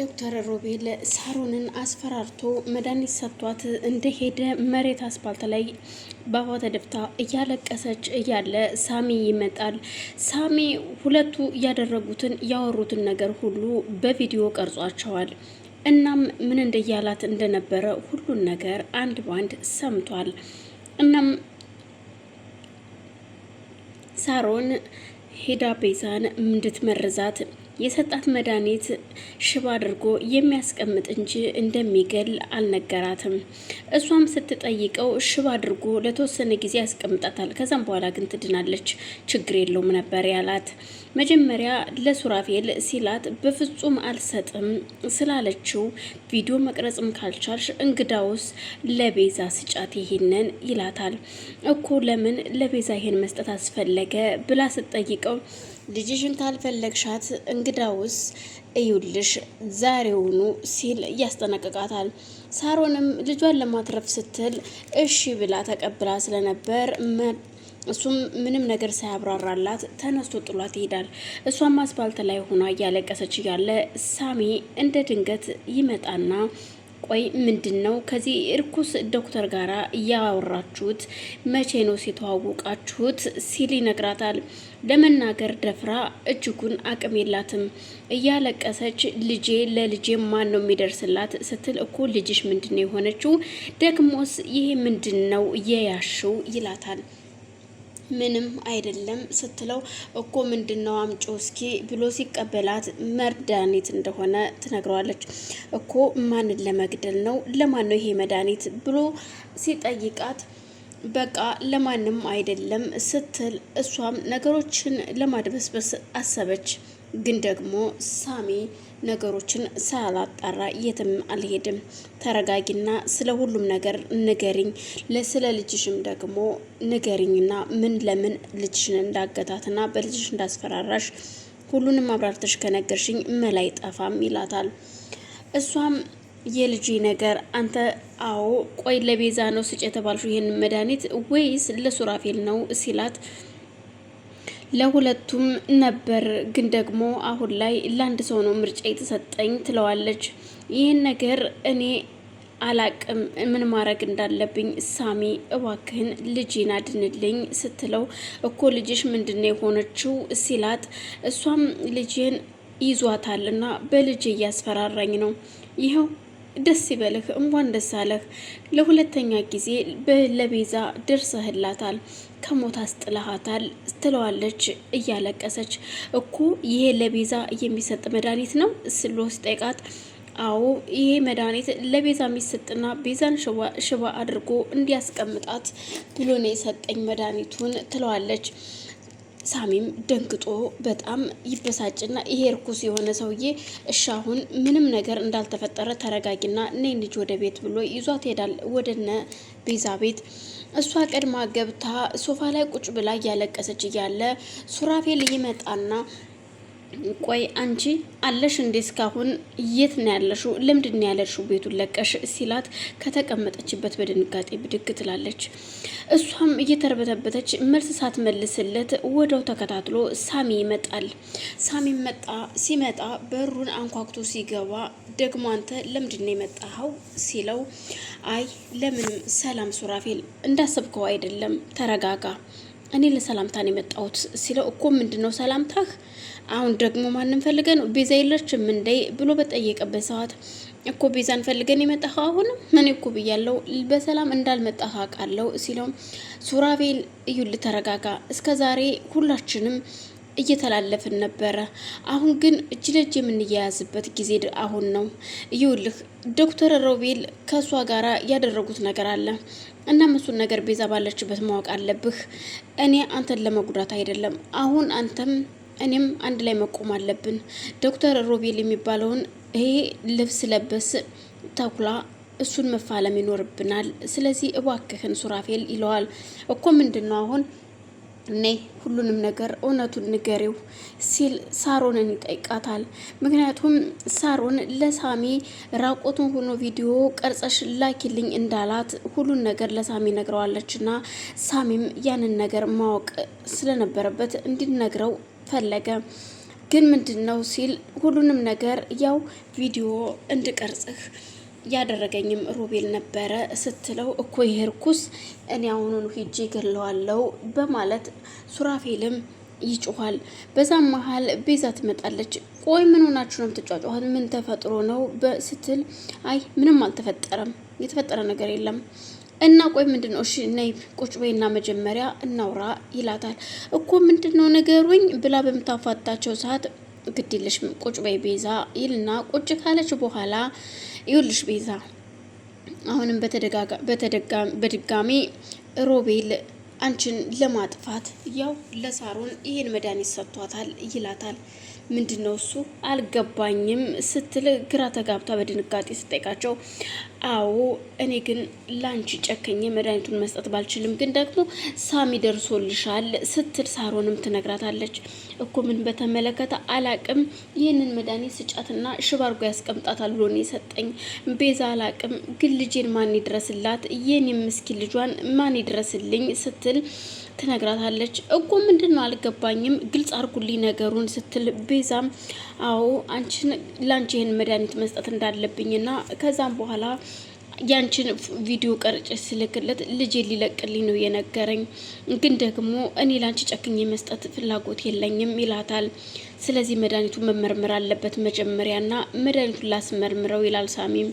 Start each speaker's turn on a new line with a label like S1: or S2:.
S1: ዶክተር ሮቤል ሳሮንን አስፈራርቶ መድኃኒት ሰጥቷት እንደሄደ መሬት አስፓልት ላይ በአፏ ተደፍታ እያለቀሰች እያለ ሳሚ ይመጣል። ሳሚ ሁለቱ ያደረጉትን ያወሩትን ነገር ሁሉ በቪዲዮ ቀርጿቸዋል። እናም ምን እንደያላት እንደነበረ ሁሉን ነገር አንድ ባንድ ሰምቷል። እናም ሳሮን ሄዳ ቤዛን እንድትመርዛት የሰጣት መድኃኒት ሽባ አድርጎ የሚያስቀምጥ እንጂ እንደሚገል አልነገራትም። እሷም ስትጠይቀው ሽባ አድርጎ ለተወሰነ ጊዜ ያስቀምጣታል። ከዛም በኋላ ግን ትድናለች፣ ችግር የለውም ነበር ያላት። መጀመሪያ ለሱራፌል ሲላት በፍጹም አልሰጥም ስላለችው ቪዲዮ መቅረጽም ካልቻልሽ እንግዳውስ ለቤዛ ስጫት ይሄንን ይላታል። እኮ ለምን ለቤዛ ይሄን መስጠት አስፈለገ ብላ ስትጠይቀው ልጅሽን ካልፈለግሻት እንግዳውስ እዩልሽ ዛሬውኑ ሲል እያስጠነቅቃታል። ሳሮንም ልጇን ለማትረፍ ስትል እሺ ብላ ተቀብላ ስለነበር እሱም ምንም ነገር ሳያብራራላት ተነስቶ ጥሏት ይሄዳል። እሷም አስፋልት ላይ ሆና እያለቀሰች እያለ ሳሚ እንደ ድንገት ይመጣና ቆይ ምንድን ነው ከዚህ እርኩስ ዶክተር ጋር እያወራችሁት? መቼ ነው ሲተዋወቃችሁት? ሲል ይነግራታል። ለመናገር ደፍራ እጅጉን አቅም የላትም። እያለቀሰች ልጄ ለልጄ ማን ነው የሚደርስላት ስትል እኮ ልጅሽ ምንድን ነው የሆነችው? ደግሞስ ይሄ ምንድን ነው የያሽው? ይላታል ምንም አይደለም ስትለው እኮ ምንድን ነው አምጪ እስኪ ብሎ ሲቀበላት መድኃኒት እንደሆነ ትነግረዋለች። እኮ ማንን ለመግደል ነው? ለማን ነው ይሄ መድኃኒት ብሎ ሲጠይቃት በቃ ለማንም አይደለም ስትል እሷም ነገሮችን ለማድበስበስ አሰበች። ግን ደግሞ ሳሚ ነገሮችን ሳላጣራ የትም አልሄድም። ተረጋጊና ስለ ሁሉም ነገር ንገሪኝ፣ ስለ ልጅሽም ደግሞ ንገሪኝና ምን ለምን ልጅሽን እንዳገታትና በልጅሽ እንዳስፈራራሽ ሁሉንም አብራርተሽ ከነገርሽኝ መላይ ጠፋም ይላታል። እሷም የልጅ ነገር አንተ አዎ፣ ቆይ ለቤዛ ነው ስጭ የተባልሽው ይህን መድኃኒት ወይስ ለሱራፌል ነው ሲላት ለሁለቱም ነበር፣ ግን ደግሞ አሁን ላይ ለአንድ ሰው ነው ምርጫ የተሰጠኝ ትለዋለች። ይህን ነገር እኔ አላቅም ምን ማድረግ እንዳለብኝ ሳሚ እባክህን ልጄን አድንልኝ ስትለው እኮ ልጅሽ ምንድን የሆነችው ሲላት እሷም ልጄን እና በልጄ እያስፈራራኝ ነው ይኸው ደስ ይበልህ፣ እንኳን ደስ አለህ። ለሁለተኛ ጊዜ ለቤዛ ደርሰህላታል፣ ከሞት አስጥለሃታል ትለዋለች እያለቀሰች። እኮ ይሄ ለቤዛ የሚሰጥ መድኃኒት ነው ስሎ ሲጠይቃት አዎ ይሄ መድኃኒት ለቤዛ የሚሰጥና ቤዛን ሽባ አድርጎ እንዲያስቀምጣት ብሎ ነው የሰጠኝ መድኃኒቱን ትለዋለች። ሳሚም ደንግጦ በጣም ይበሳጭና ይሄ ርኩስ የሆነ ሰውዬ እሺ አሁን ምንም ነገር እንዳልተፈጠረ ተረጋጊና ነይ ልጅ ወደ ቤት ብሎ ይዟት ሄዳል ወደነ ቤዛ ቤት እሷ ቀድማ ገብታ ሶፋ ላይ ቁጭ ብላ እያለቀሰች እያለ ሱራፌል ይመጣና ቆይ አንቺ አለሽ እንዴ? እስካሁን የት ነው ያለሹ? ለምንድን ነው ያለሹ ቤቱን ለቀሽ? ሲላት ከተቀመጠችበት በድንጋጤ ብድግ ትላለች። እሷም እየተርበተበተች መልስ ሳትመልስለት ወደው ተከታትሎ ሳሚ ይመጣል። ሳሚ መጣ። ሲመጣ በሩን አንኳኩቶ ሲገባ ደግሞ አንተ ለምንድን ነው የመጣኸው? ሲለው አይ ለምንም፣ ሰላም ሱራፌል፣ እንዳሰብከው አይደለም፣ ተረጋጋ እኔ ለሰላምታ ነው የመጣሁት ሲለው እኮ ምንድን ነው ሰላምታህ? አሁን ደግሞ ማንም ፈልገ ነው ቤዛ የለችም እንዴ ብሎ በጠየቀበት ሰዓት እኮ ቤዛን ፈልገን የመጣህ አሁንም እኔ እኮ ብያለው በሰላም እንዳልመጣህ አውቃለሁ ሲለው ሱራፌል እዩ ልተረጋጋ እስከ ዛሬ ሁላችንም እየተላለፍን ነበረ። አሁን ግን እጅ ለእጅ የምንያያዝበት ጊዜ አሁን ነው። ይውልህ ዶክተር ሮቤል ከእሷ ጋር ያደረጉት ነገር አለ። እናም እሱን ነገር ቤዛ ባለችበት ማወቅ አለብህ። እኔ አንተን ለመጉዳት አይደለም። አሁን አንተም እኔም አንድ ላይ መቆም አለብን። ዶክተር ሮቤል የሚባለውን ይሄ ልብስ ለበስ ተኩላ እሱን መፋለም ይኖርብናል። ስለዚህ እባክህን ሱራፌል ይለዋል እኮ ምንድን ነው አሁን እኔ ሁሉንም ነገር እውነቱን ንገሪው ሲል ሳሮንን ይጠይቃታል። ምክንያቱም ሳሮን ለሳሚ ራቆቱን ሆኖ ቪዲዮ ቀርጸሽ ላኪልኝ እንዳላት ሁሉን ነገር ለሳሚ ነግረዋለች እና ሳሚም ያንን ነገር ማወቅ ስለነበረበት እንዲነግረው ፈለገ። ግን ምንድን ነው ሲል ሁሉንም ነገር ያው ቪዲዮ እንድቀርጽህ ያደረገኝም ሮቤል ነበረ ስትለው እኮ ይሄ ርኩስ እኔ አሁኑን ሂጄ ገለዋለው በማለት ሱራፌልም ይጮኋል። በዛም መሀል ቤዛ ትመጣለች። ቆይ ምን ሆናችሁ ነው የምትጫጫኋት? ምን ተፈጥሮ ነው በስትል አይ ምንም አልተፈጠረም፣ የተፈጠረ ነገር የለም እና ቆይ ምንድን ነው? እሺ ነይ ቁጭ በይና መጀመሪያ እናውራ ይላታል። እኮ ምንድን ነው ነገሩኝ ብላ በምታፋታቸው ሰዓት ግድ የለሽም ቁጭ በይ ቤዛ ይልና ቁጭ ካለች በኋላ ይኸውልሽ ቤዛ አሁንም በድጋሚ ሮቤል አንቺን ለማጥፋት ያው ለሳሮን ይሄን መድኃኒት ሰጥቷታል ይላታል። ምንድን ነው እሱ አልገባኝም ስትል ግራ ተጋብታ በድንጋጤ ስጠይቃቸው፣ አዎ እኔ ግን ላንቺ ጨከኝ መድኃኒቱን መስጠት ባልችልም ግን ደግሞ ሳሚ ደርሶልሻል ስትል ሳሮንም ትነግራታለች። እኮ ምን በተመለከተ አላቅም፣ ይህንን መድኃኒት ስጫትና ሽባ ያስቀምጣታል ብሎ ነው የሰጠኝ። ቤዛ አላቅም፣ ግን ልጄን ማን ይድረስላት? የኔ ምስኪን ልጇን ማን ይድረስልኝ ስትል ትነግራታለች። እኮ ምንድን ነው አልገባኝም፣ ግልጽ አርጉልኝ ነገሩን ስትል ቤዛም አዎ አንቺን ለአንቺ ይህን መድኃኒት መስጠት እንዳለብኝና ከዛም በኋላ ያንቺን ቪዲዮ ቀርጭ ስልክለት ልጄ ሊለቅልኝ ነው የነገረኝ። ግን ደግሞ እኔ ላንቺ ጨክኝ የመስጠት ፍላጎት የለኝም ይላታል። ስለዚህ መድኃኒቱ መመርመር አለበት መጀመሪያና መድኃኒቱን ላስመርምረው ይላል ሳሚም